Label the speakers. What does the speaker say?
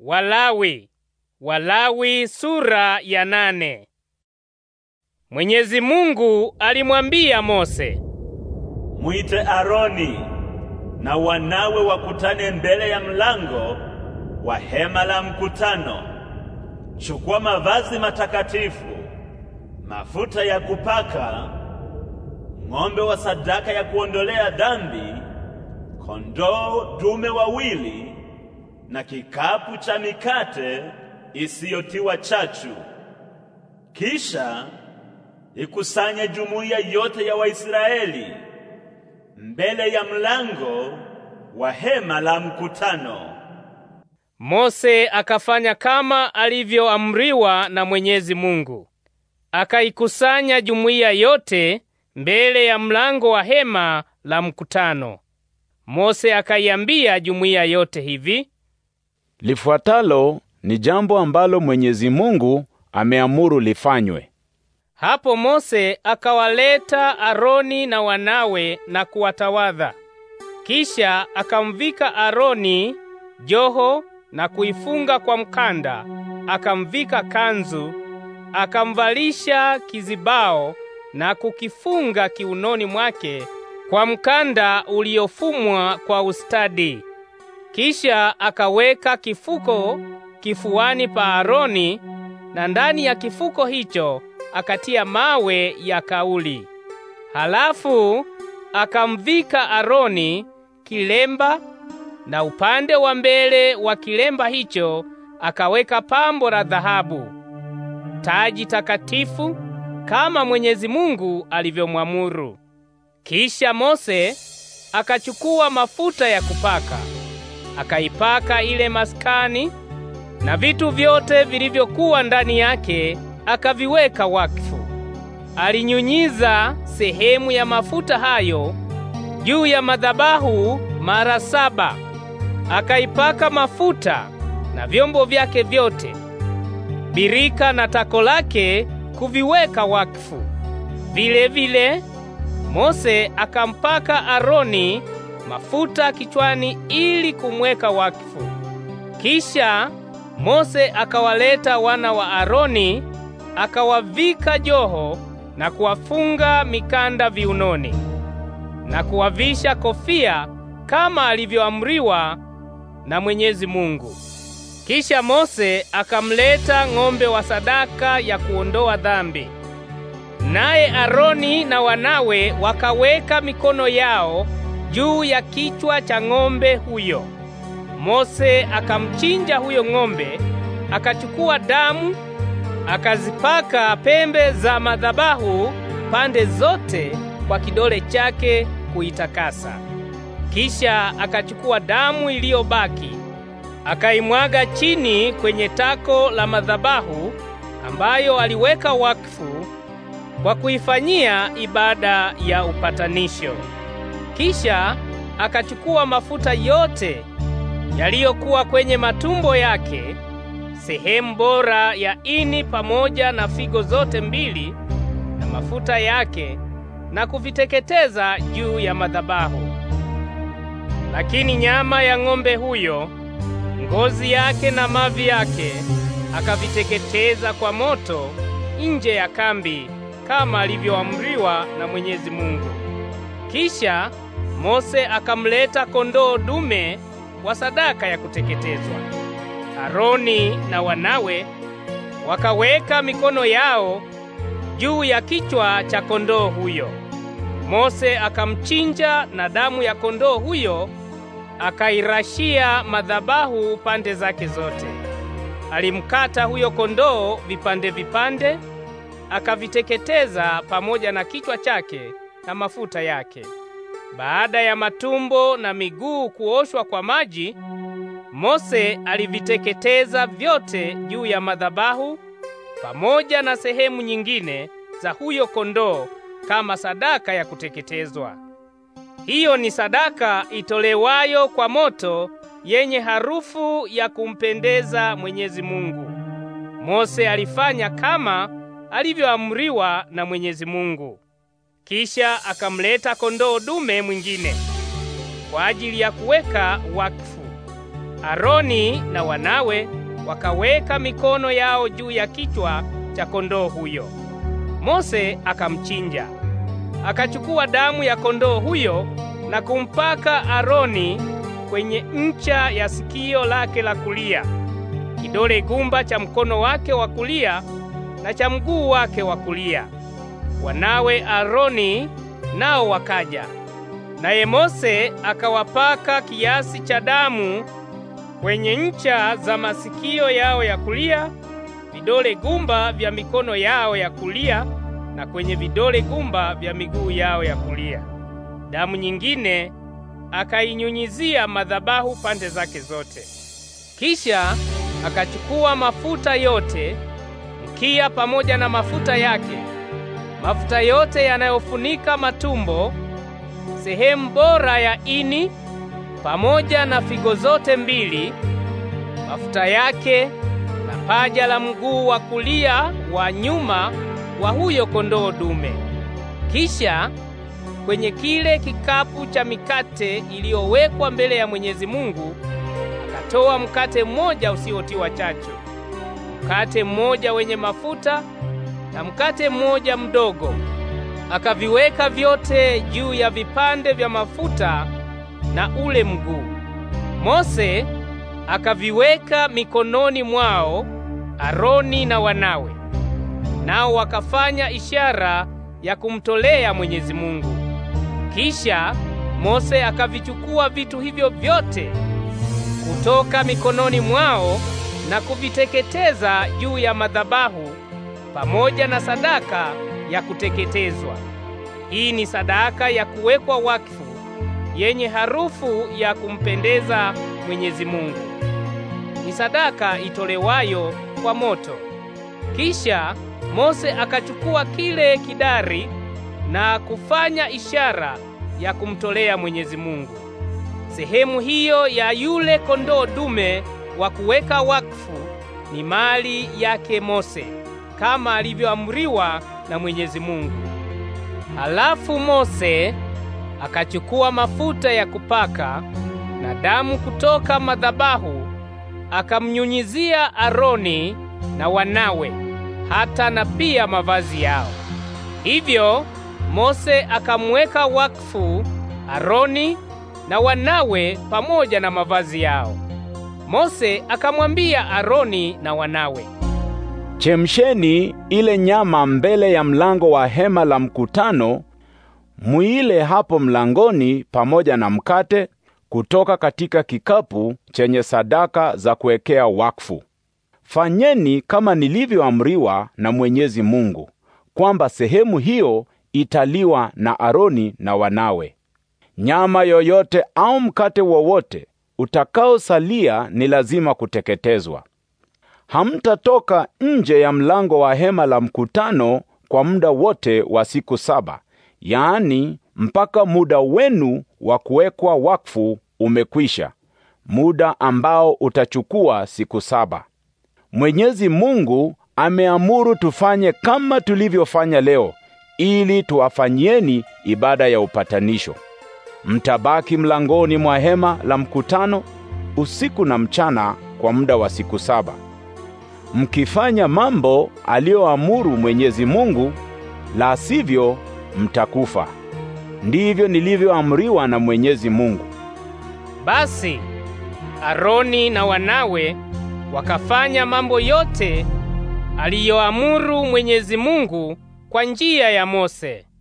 Speaker 1: Walawi, Walawi sura ya nane. Mwenyezi Mungu alimwambia Mose, mwite Aroni na wanawe wakutane mbele ya mlango
Speaker 2: wa hema la mkutano. Chukua mavazi matakatifu, mafuta ya kupaka, ng'ombe wa sadaka ya kuondolea dhambi, kondoo dume wawili na kikapu cha mikate isiyotiwa chachu. Kisha ikusanye jumuiya yote ya Waisraeli mbele ya mlango wa hema la mkutano.
Speaker 1: Mose akafanya kama alivyoamriwa na Mwenyezi Mungu. Akaikusanya jumuiya yote mbele ya mlango wa hema la mkutano. Mose akaiambia jumuiya yote hivi:
Speaker 2: Lifuatalo ni jambo ambalo Mwenyezi Mungu ameamuru lifanywe.
Speaker 1: Hapo Mose akawaleta Aroni na wanawe na kuwatawadha. Kisha akamvika Aroni joho na kuifunga kwa mkanda, akamvika kanzu, akamvalisha kizibao na kukifunga kiunoni mwake kwa mkanda uliofumwa kwa ustadi. Kisha akaweka kifuko kifuani pa Aroni na ndani ya kifuko hicho akatia mawe ya kauli. Halafu akamvika Aroni kilemba na upande wa mbele wa kilemba hicho akaweka pambo la dhahabu, taji takatifu kama Mwenyezi Mungu alivyomwamuru. Kisha Mose akachukua mafuta ya kupaka akaipaka ile maskani na vitu vyote vilivyokuwa ndani yake akaviweka wakfu. Alinyunyiza sehemu ya mafuta hayo juu ya madhabahu mara saba, akaipaka mafuta na vyombo vyake vyote, birika na tako lake kuviweka wakfu. Vile vile Mose akampaka Aroni mafuta kichwani ili kumweka wakfu. Kisha Mose akawaleta wana wa Aroni akawavika joho na kuwafunga mikanda viunoni na kuwavisha kofia kama alivyoamriwa na Mwenyezi Mungu. Kisha Mose akamleta ng'ombe wa sadaka ya kuondoa dhambi, naye Aroni na wanawe wakaweka mikono yao juu ya kichwa cha ng'ombe huyo. Mose akamchinja huyo ng'ombe, akachukua damu akazipaka pembe za madhabahu pande zote kwa kidole chake kuitakasa. Kisha akachukua damu iliyobaki akaimwaga chini kwenye tako la madhabahu ambayo aliweka wakfu kwa kuifanyia ibada ya upatanisho. Kisha akachukua mafuta yote yaliyokuwa kwenye matumbo yake, sehemu bora ya ini pamoja na figo zote mbili na mafuta yake, na kuviteketeza juu ya madhabahu. Lakini nyama ya ng'ombe huyo, ngozi yake na mavi yake akaviteketeza kwa moto nje ya kambi kama alivyoamriwa na Mwenyezi Mungu. Kisha Mose akamleta kondoo dume wa sadaka ya kuteketezwa. Aroni na wanawe wakaweka mikono yao juu ya kichwa cha kondoo huyo. Mose akamchinja na damu ya kondoo huyo akairashia madhabahu pande zake zote. Alimkata huyo kondoo vipande vipande, akaviteketeza pamoja na kichwa chake na mafuta yake. Baada ya matumbo na miguu kuoshwa kwa maji, Mose aliviteketeza vyote juu ya madhabahu pamoja na sehemu nyingine za huyo kondoo kama sadaka ya kuteketezwa. Hiyo ni sadaka itolewayo kwa moto yenye harufu ya kumpendeza Mwenyezi Mungu. Mose alifanya kama alivyoamriwa na Mwenyezi Mungu. Kisha akamleta kondoo dume mwingine kwa ajili ya kuweka wakfu. Aroni na wanawe wakaweka mikono yao juu ya kichwa cha kondoo huyo. Mose akamchinja, akachukua damu ya kondoo huyo na kumpaka Aroni kwenye ncha ya sikio lake la kulia, kidole gumba cha mkono wake wa kulia na cha mguu wake wa kulia. Wanawe Aroni nao wakaja, naye Mose akawapaka kiasi cha damu kwenye ncha za masikio yao ya kulia, vidole gumba vya mikono yao ya kulia na kwenye vidole gumba vya miguu yao ya kulia. Damu nyingine akainyunyizia madhabahu pande zake zote. Kisha akachukua mafuta yote, mkia pamoja na mafuta yake mafuta yote yanayofunika matumbo, sehemu bora ya ini, pamoja na figo zote mbili, mafuta yake na paja la mguu wa kulia wa nyuma wa huyo kondoo dume. Kisha kwenye kile kikapu cha mikate iliyowekwa mbele ya Mwenyezi Mungu akatoa mkate mmoja usiotiwa chachu, mkate mmoja wenye mafuta na mkate mmoja mdogo. Akaviweka vyote juu ya vipande vya mafuta na ule mguu. Mose akaviweka mikononi mwao Aroni na wanawe, nao wakafanya ishara ya kumtolea Mwenyezi Mungu. Kisha Mose akavichukua vitu hivyo vyote kutoka mikononi mwao na kuviteketeza juu ya madhabahu pamoja na sadaka ya kuteketezwa. Hii ni sadaka ya kuwekwa wakfu yenye harufu ya kumpendeza Mwenyezi Mungu. Ni sadaka itolewayo kwa moto. Kisha Mose akachukua kile kidari na kufanya ishara ya kumtolea Mwenyezi Mungu sehemu hiyo ya yule kondoo dume wa kuweka wakfu. Ni mali yake Mose kama alivyoamriwa na Mwenyezi Mungu. Halafu Mose akachukua mafuta ya kupaka na damu kutoka madhabahu akamnyunyizia Aroni na wanawe hata na pia mavazi yao. Hivyo Mose akamweka wakfu Aroni na wanawe pamoja na mavazi yao. Mose akamwambia Aroni na wanawe,
Speaker 2: Chemsheni ile nyama mbele ya mlango wa hema la mkutano, muile hapo mlangoni pamoja na mkate kutoka katika kikapu chenye sadaka za kuwekea wakfu. Fanyeni kama nilivyoamriwa na Mwenyezi Mungu, kwamba sehemu hiyo italiwa na Aroni na wanawe. Nyama yoyote au mkate wowote utakaosalia ni lazima kuteketezwa hamtatoka nje ya mlango wa hema la mkutano kwa muda wote wa siku saba, yaani mpaka muda wenu wa kuwekwa wakfu umekwisha, muda ambao utachukua siku saba. Mwenyezi Mungu ameamuru tufanye kama tulivyofanya leo, ili tuwafanyieni ibada ya upatanisho. Mtabaki mlangoni mwa hema la mkutano usiku na mchana kwa muda wa siku saba mkifanya mambo aliyoamuru Mwenyezi Mungu, la sivyo mtakufa. Ndivyo nilivyoamriwa na Mwenyezi Mungu.
Speaker 1: Basi Aroni na wanawe wakafanya mambo yote aliyoamuru Mwenyezi Mungu kwa njia ya Mose.